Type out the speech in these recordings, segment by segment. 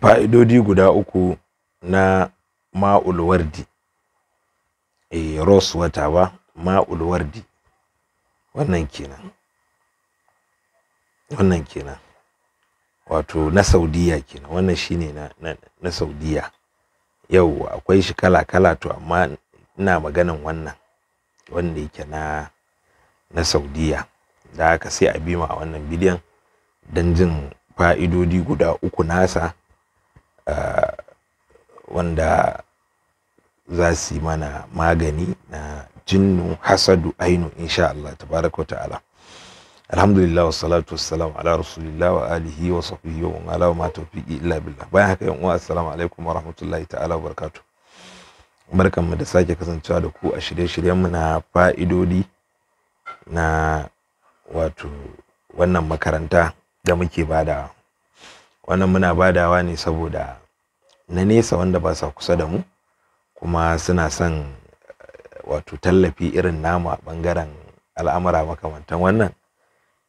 fa'idodi guda uku na ma'ul wardi e eh, ros wata ba ma'ul wardi wannan kenan wannan kenan wato na saudiya kenan wannan shine na, na, na saudiya yau akwai shi kala-kala to amma ina maganan wannan wanda yake na na saudiya da haka sai a bima a wannan bidiyon don jin fa'idodi guda uku nasa wanda za su yi mana magani na jinnu hasadu ainu insha Allah tabaraka wa ta'ala alhamdulillah wa salatu wa salam ala rasulillah wa alihi wa sahbihi wa ala ma tawfiqi illa billah bayan haka yan uwa assalamu alaikum wa rahmatullahi ta'ala wa barakatuh barkanmu da sake kasancewa da ku a shirye-shiryenmu na fa'idodi na wato wannan makaranta da muke badawa wannan muna badawa ne saboda na nesa wanda ba sa kusa da mu kuma suna son eh, wato tallafi irin namu a ɓangaren al'amura makamantan wannan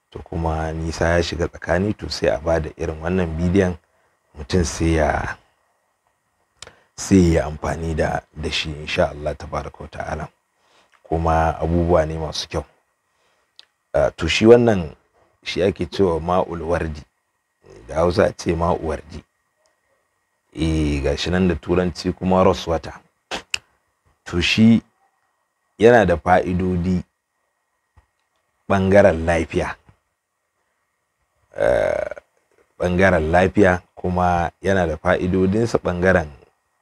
to kuma nisa ya shiga tsakani to sai a bada irin wannan bidiyon mutum sai ya sai ya amfani da da shi insha Allah tabaraka wa ta'ala kuma abubuwa ne masu kyau eh, to shi wannan shi ake cewa ma'ulwardi. da hausa ce ma uwarji E, eh gashi nan da turanci kuma roswata to shi yana da fa'idodi bangaren lafiya eh, ɓangaren lafiya kuma yana da fa'idodinsa ɓangaren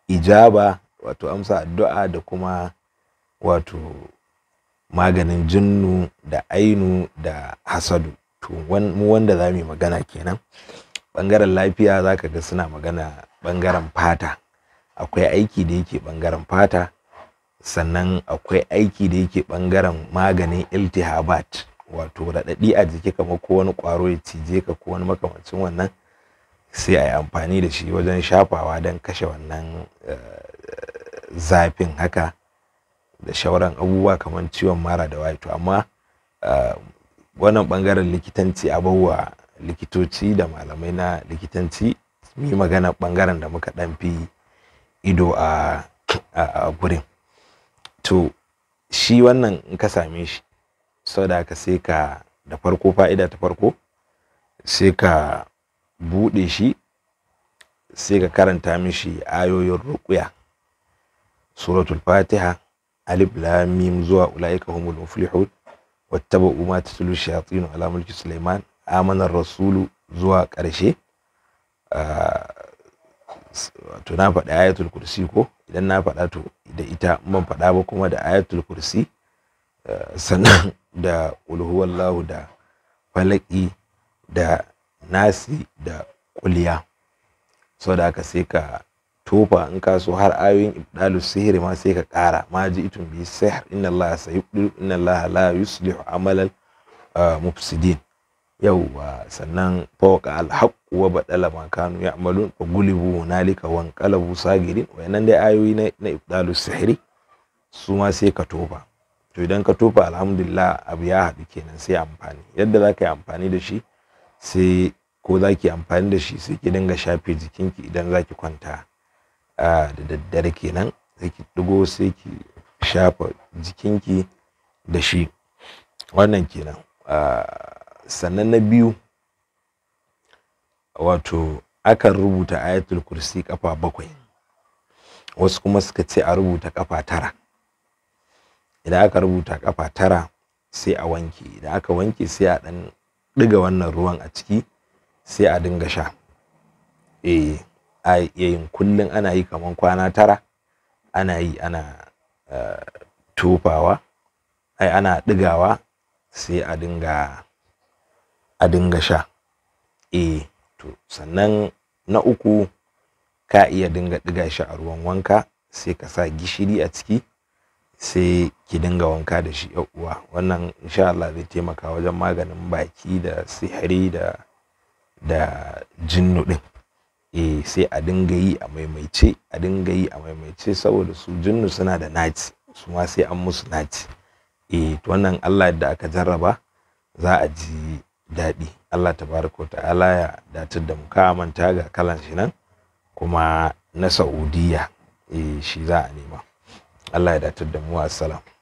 ijaba wato amsa addu'a da kuma wato maganin jinnu da ainu da hasadu to mu wanda za mu yi magana kenan bangaren lafiya za ka ga suna magana bangaren fata akwai aiki da yake bangaren fata sannan akwai aiki da yake bangaren maganin iltihabat wato raɗaɗi a jiki kamar ko wani ƙwaro ya cije ka ko wani makamancin wannan sai a yi amfani da shi wajen shafawa don kashe wannan eh, zafin haka da shauran abubuwa kamar ciwon mara da wato amma eh, wannan bangaren likitanci abubuwa likitoci da malamai na likitanci mu yi magana bangaren da muka dan fi ido a gurin to shi wannan in ka same shi saboda haka sai ka da farko fa'ida ta farko sai ka buɗe shi sai ka karanta mishi ayoyin ruƙuya suratul fatiha alif lam mim zuwa ulaika humul muflihun wattaba'u ma tatlu shayatin ala mulki sulaiman amanar rasulu zuwa ƙarshe to na faɗi ayatul kursi ko idan na faɗa to da ita man faɗa ba kuma da ayatul kursi sannan da ulhuwallahu da falaki da nasi da kuliya so da aka sai ka tofa in ka so har ayoyin ibdalu sihiri ma sai ka kara. ma ji itun bi sihir inna allaha sayyidu inna allaha la yuslihu amalan ah, mufsidin yauwa sannan fawaka alhakkuwa wa badala ma kanu ya'malun wa gulibu hunalika wa anqalabu sagirin wayannan dai ayoyi na, na ibdalu sihri su ma sai ka tofa to idan ka tofa alhamdulillah abu ya haɗu kenan sai amfani yadda zaka yi amfani da shi sai ko zaki ki amfani da shi sai ki dinga shafe jikinki idan zaki ki kwanta da daddare kenan sai ki ɗigo sai ki shafa jikinki da shi wannan kenan a sannan na biyu wato akan rubuta ayatul kursi kafa bakwai wasu kuma suka ce a rubuta kafa tara idan aka rubuta kafa tara sai a wanke idan aka wanke sai a dan diga wannan ruwan a ciki sai a dinga sha eh a yayin kullun ana yi kaman kwana tara ana yi ana eh, tofawa ai ana digawa sai a dinga a dinga sha E, to sannan na uku ka iya dinga diga shi a ruwan wanka sai ka sa gishiri a ciki sai ki dinga wanka da shi uwa wannan insha Allah zai taimaka wajen maganin baki da sihiri da da jinnu din E, eh sai a dinga yi a maimaice a dinga yi a maimaice saboda su jinnu suna da naci su ma sai an musu naci E, eh to wannan Allah da aka jarraba za a ji daɗi Allah tabaraka ta'ala ya datar da mu ka manta ga kalan shi nan kuma na Saudiya eh shi za a nema Allah ya datar da mu assalamu